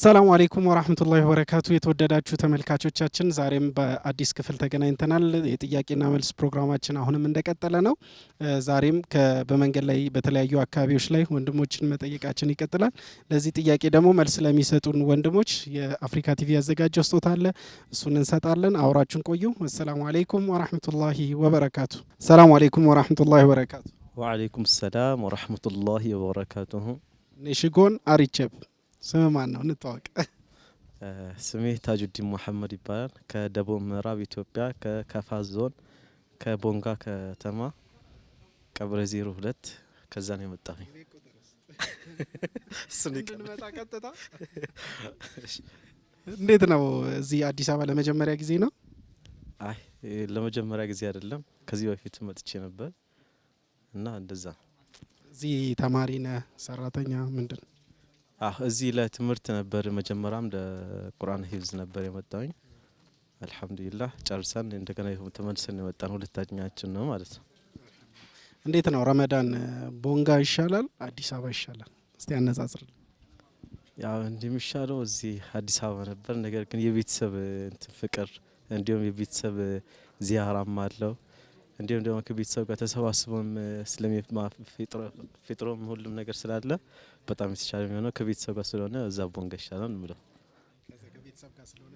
ሰላም አሌይኩም ወራህመቱላሂ ወበረካቱ። የተወደዳችሁ ተመልካቾቻችን ዛሬም በአዲስ ክፍል ተገናኝተናል። የጥያቄና መልስ ፕሮግራማችን አሁንም እንደቀጠለ ነው። ዛሬም በመንገድ ላይ በተለያዩ አካባቢዎች ላይ ወንድሞችን መጠየቃችን ይቀጥላል። ለዚህ ጥያቄ ደግሞ መልስ ለሚሰጡን ወንድሞች የአፍሪካ ቲቪ ያዘጋጀው ስጦታ አለ፣ እሱን እንሰጣለን። አውራችን ቆዩ። አሰላሙ አሌይኩም ወራህመቱላሂ ወበረካቱ። ሰላሙ አሌይኩም ወራህመቱላሂ ወበረካቱ። ወአሌይኩም ሰላም ወራህመቱላሂ ወበረካቱ። ንሽጎን አሪቸብ ስም ማን ነው? እንታወቅ። ስሜ ታጁዲን መሐመድ ይባላል። ከደቡብ ምዕራብ ኢትዮጵያ ከከፋ ዞን ከቦንጋ ከተማ ቀብረ ዜሮ ሁለት ከዛ ነው የመጣሁኝ። እንዴት ነው እዚህ አዲስ አበባ ለመጀመሪያ ጊዜ ነው? አይ ለመጀመሪያ ጊዜ አይደለም። ከዚህ በፊት መጥቼ ነበር እና እንደዛ። እዚህ ተማሪ ነህ ሰራተኛ ምንድን እዚህ ለትምህርት ነበር። መጀመሪያም ለቁርአን ሂብዝ ነበር የመጣውኝ። አልሐምዱሊላህ ጨርሰን እንደገና ይሁን ተመልሰን የመጣን ሁለታኛችን ነው ማለት ነው። እንዴት ነው ረመዳን ቦንጋ ይሻላል አዲስ አበባ ይሻላል? እስቲ አነጻጽር። ያው እንደሚሻለው እዚህ አዲስ አበባ ነበር። ነገር ግን የቤተሰብ እንትን ፍቅር እንዲሁም የቤተሰብ ዚያራም አለው እንዲሁም ደግሞ ከቤተሰብ ጋር ተሰባስቦም ስለፊጥሮም ሁሉም ነገር ስላለ በጣም የተሻለ የሚሆነው ከቤተሰብ ጋር ስለሆነ እዛ ቦንጋ ይሻላል ምለው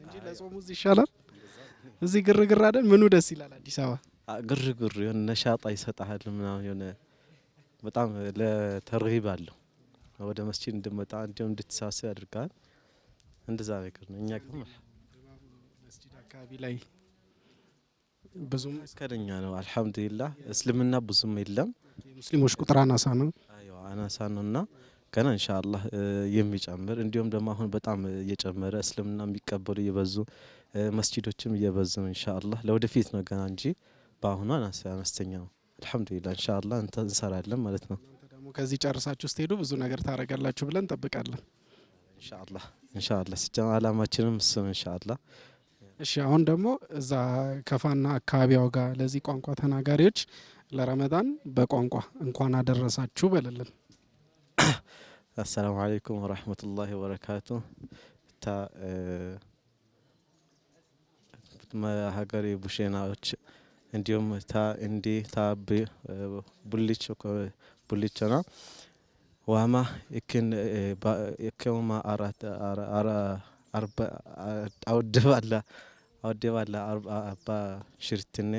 እንጂ ለጾሙ እዚህ ይሻላል። እዚህ ግርግር አይደል? ምኑ ደስ ይላል። አዲስ አበባ ግርግር የሆነ ነሻጣ ይሰጣል ምናምን የሆነ በጣም ለተርሂብ አለው ወደ መስጂድ እንድመጣ እንዲሁም እንድትሳስብ ያደርጋል። እንደዛ ነገር ነው። እኛ ግን መስጂድ አካባቢ ላይ ብዙም ከደኛ ነው። አልሐምዱሊላህ እስልምና ብዙም የለም። ሙስሊሞች ቁጥር አናሳ ነው፣ አናሳ ነው እና ገና ኢንሻአላህ የሚጨምር እንዲሁም ደግሞ አሁን በጣም እየጨመረ እስልምና የሚቀበሉ እየበዙ መስጂዶችም እየበዙ እንሻላ ለወደፊት ነው ገና እንጂ በአሁኑ አነስተኛ ነው። አልሐምዱሊላህ እንሻላ እንሰራለን ማለት ነው። ደግሞ ከዚህ ጨርሳችሁ ስትሄዱ ብዙ ነገር ታደርጋላችሁ ብለን እንጠብቃለን። ኢንሻአላህ ኢንሻአላህ ሲጀመር አላማችንም እሱ እንሻላ። እሺ አሁን ደግሞ እዛ ከፋና አካባቢያው ጋር ለዚህ ቋንቋ ተናጋሪዎች ለረመዳን በቋንቋ እንኳን አደረሳችሁ በልልን። አሰላሙ አለይኩም ወረህመቱላሂ ወበረካቱ። እታ ሀገሬ ቡሼናዎች እንዲሁም ታ እንዲ ታ ቡልች ና ዋማ ክን እከውማ አራት አውድባላ አውዴ ባለ አባ ሽርትኔ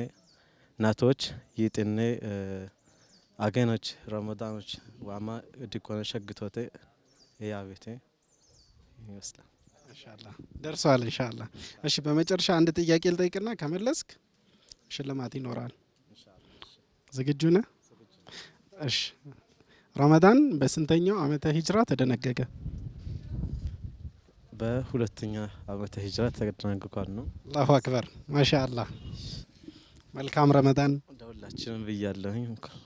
ናቶች ይጥኔ አገኖች ረመዳኖች ዋማ ዲኮነ ሸግቶቴ ያቤቴ ይመስላል። ኢንሻአላ ደርሷል። ኢንሻአላ እሺ፣ በመጨረሻ አንድ ጥያቄ ልጠይቅና ከመለስክ ሽልማት ይኖራል። ዝግጁ ነህ? እሺ። ረመዳን በስንተኛው አመተ ሂጅራ ተደነገገ? በሁለተኛ አመተ ሂጅራ ተጠናቅቋል ነው። አላሁ አክበር ማሻ መልካም ረመዳን ለሁላችንም ብያለሁኝ።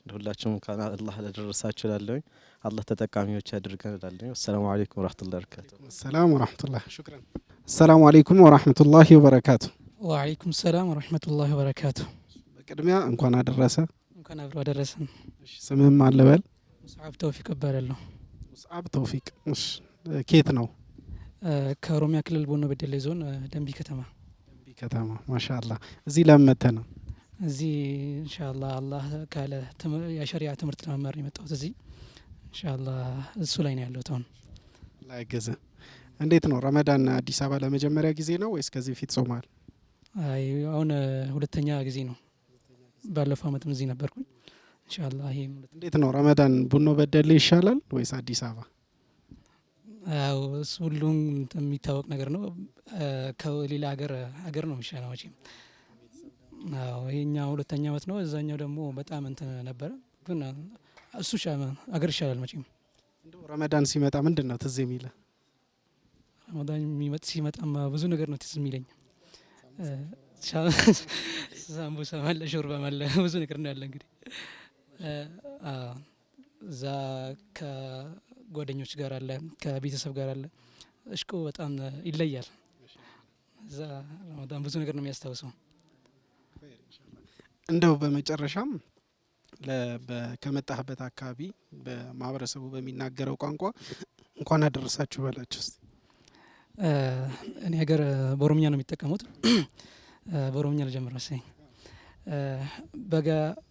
ለሁላችሁም እንኳን አላህ ለደረሳችሁ እላለሁኝ። አላህ ተጠቃሚዎች ያድርገን እላለሁኝ። አሰላሙ አለይኩም ወራህመቱላሂ ወበረካቱ። ሰላም ወራህመቱላህ ሹክራን። አሰላሙ አለይኩም ወራህመቱላሂ ወበረካቱ። ወአለይኩም ሰላም ወራህመቱላሂ ወበረካቱ። በቅድሚያ እንኳን አደረሰ። እንኳን አብሮ አደረሰን። ስምህም አለበል? ሙስዓብ ተውፊቅ እባላለሁ። ሙስዓብ ተውፊቅ። እሺ፣ ኬት ነው ከኦሮሚያ ክልል ቦኖ በደሌ ዞን ደንቢ ከተማ። ደንቢ ከተማ ማሻአላ። እዚህ ለመተ ነው እዚህ እንሻላ አላህ ካለ የሸሪያ ትምህርት ለመማር ነው የመጣሁት እዚህ እንሻላ እሱ ላይ ነው ያለሁት አሁን። ላያገዘ እንዴት ነው ረመዳን አዲስ አበባ ለመጀመሪያ ጊዜ ነው ወይስ ከዚህ በፊት ጾማል? አይ አሁን ሁለተኛ ጊዜ ነው። ባለፈው አመትም እዚህ ነበርኩኝ። እንሻላ ይሄ እንዴት ነው ረመዳን ቡኖ በደሌ ይሻላል ወይስ አዲስ አበባ? ያው ሁሉም የሚታወቅ ነገር ነው። ከሌላ ሀገር ሀገር ነው የሚሻለው መቼም። ይሄኛው ሁለተኛ አመት ነው፣ እዛኛው ደግሞ በጣም እንትን ነበረ። ግን እሱ ሀገር ይሻላል መቼም። ረመዳን ሲመጣ ምንድን ነው ትዝ የሚለ? ረመዳን የሚመጥ ሲመጣማ ብዙ ነገር ነው ትዝ የሚለኝ። ሳምቡሳ ማለ፣ ሾርባ ማለ፣ ብዙ ነገር ነው ያለ እንግዲህ እዛ ጓደኞች ጋር አለ፣ ከቤተሰብ ጋር አለ። እሽቁ በጣም ይለያል። እዛ በጣም ብዙ ነገር ነው የሚያስታውሰው። እንደው በመጨረሻም ከመጣህበት አካባቢ በማህበረሰቡ በሚናገረው ቋንቋ እንኳን አደረሳችሁ በላችሁ ስ እኔ ሀገር በኦሮምኛ ነው የሚጠቀሙት። በኦሮምኛ ልጀምር መሰለኝ በጋ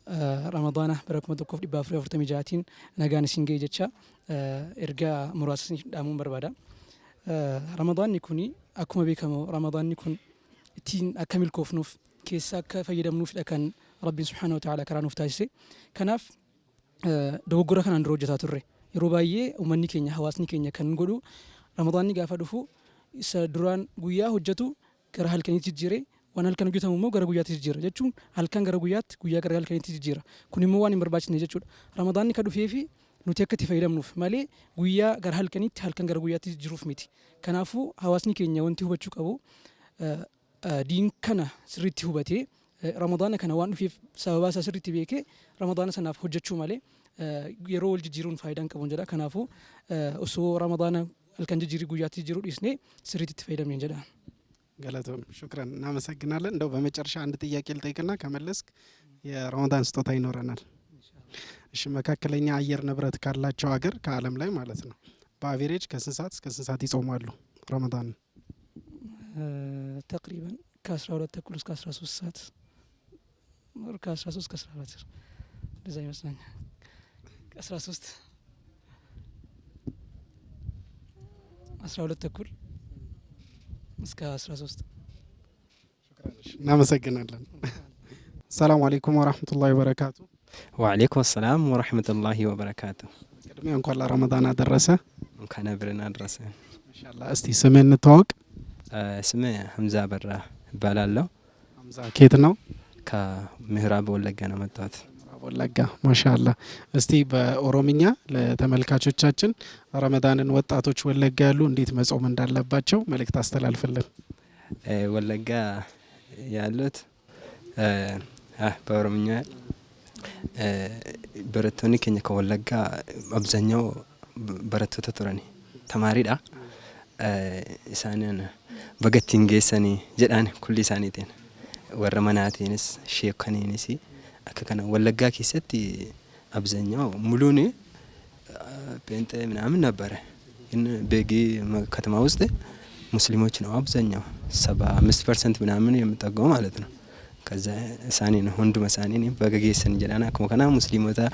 ramadaana bara kuma tokkoof dhibbaa afurii afurtamii jaatiin nagaan isin ga'e jecha ergaa muraasa isin dhaamuun barbaada. Ramadaanni kun akkuma beekamu ramadaanni kun ittiin akka milkoofnuuf keessa akka fayyadamnuufidha kan rabbiin subhaana wa ta'ala karaa nuuf taasise. Kanaaf dogoggora kanaan dura hojjetaa turre yeroo baay'ee uummanni keenya hawaasni keenya kan godhu ramadaanni gaafa dhufu isa duraan guyyaa hojjetu gara halkaniitti jijjiiree waan halkan hojjetamu immoo gara guyyaatti jijjiira jechuun halkan gara guyyaatti guyyaa gara halkanitti jijjiira kun immoo waan hin barbaachisne jechuudha ramadaanni ka dhufee fi nuti akka itti fayyadamnuuf malee guyyaa gara halkanitti halkan gara guyyaatti jijjiiruuf miti kanaafuu hawaasni keenya wanti hubachuu qabu diin kana sirriitti hubatee ramadaana kana waan dhufeef sababaa isaa sirriitti beekee ramadaana sanaaf hojjechuu malee yeroo wal jijjiiruun faayidaan qabuun jedha kanaafuu osoo ramadaana halkan jijjiirri guyyaatti jijjiiruu dhiisnee sirriitti itti fayyadamne jedha. ገለቶም ሹክረን እናመሰግናለን። እንደው በመጨረሻ አንድ ጥያቄ ልጠይቅና ከመለስክ የረመዳን ስጦታ ይኖረናል። እሺ መካከለኛ አየር ንብረት ካላቸው ሀገር ከዓለም ላይ ማለት ነው በአቬሬጅ ከስንት ሰዓት እስከ ስንት ሰዓት ይጾማሉ ረመዳን? ተቅሪበን ከአስራ ሁለት ተኩል እስከ አስራ ሶስት ሰዓት ከአስራ ሶስት ከአስራ አራት እንደዛ ይመስለኛል። ከአስራ ሶስት አስራ ሁለት ተኩል እስከ 13 እናመሰግናለን። አሰላሙ አሌይኩም ወረህመቱላሂ ወበረካቱ። ወአሌይኩም ሰላም ወረህመቱላሂ ወበረካቱ። ቅድሚያ እንኳን ለረመዳን አደረሰ። እንኳን አብረን አደረሰ። ማሻላ እስቲ ስምህ እንተዋወቅ። ስሜ ሀምዛ በራ እባላለሁ። ሀምዛ ኬት ነው? ከምዕራብ ወለጋ ነው መጣሁት። ወለጋ ማሻላ። እስቲ በኦሮምኛ ለተመልካቾቻችን ረመዳንን ወጣቶች ወለጋ ያሉ እንዴት መጾም እንዳለባቸው መልእክት አስተላልፍልን። ወለጋ ያሉት በኦሮምኛ በረቶኒ ኬኛ ከወለጋ አብዛኛው በረቶ ተቱረኒ ተማሪዳ isaaniin በገቲንጌሰኒ ጀዳን jedhaan kulli ወረመናቴንስ warra akka kana Wallaggaa keessatti አብዛኛው ሙሉን ጴንጤ ምናምን ነበረ፣ ግን ቤጊ ከተማ ውስጥ ሙስሊሞች ነው አብዛኛው ሰባ አምስት ፐርሰንት ምናምን የምጠገው ማለት ነው። ከዛ እሳኔ ነው ሁንዱ መሳኔ በገጌሰን ጀዳን akkuma kana musliimota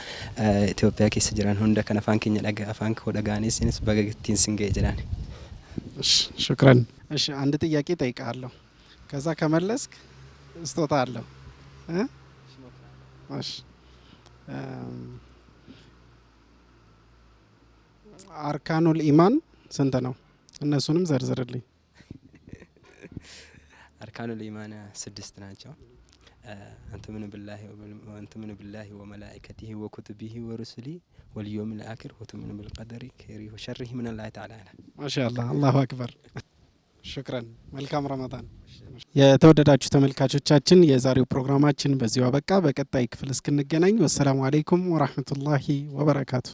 Itoophiyaa keessa jiran hunda kan afaan keenya dhagaa afaan koo dhagaanis በገግቲን ስንገ ጀዳን ሽክረን። እሺ አንድ ጥያቄ ጠይቃለሁ፣ ከዛ ከመለስክ ስጦታ አለው። Mas አርካኑል ኢማን ስንት ነው? እነሱንም ዘርዝርልኝ። አርካኑል ኢማን ስድስት ናቸው። አንቱምኑ ብላሂ ወመላኢከቲሂ ወኩቱቢሂ ወሩሱሊ ወልዮሚል አኪር ወቱምኑ ቢልቀደሪ ኸይሪሂ ወሸሪሂ ሚነላሂ ተዓላ። ማሻአላህ አላሁ አክበር። ሽክረን መልካም ረመዳን። የተወደዳችሁ ተመልካቾቻችን የዛሬው ፕሮግራማችን በዚሁ አበቃ። በቀጣይ ክፍል እስክንገናኝ ወሰላሙ አሌይኩም ወራህመቱላሂ ወበረካቱ።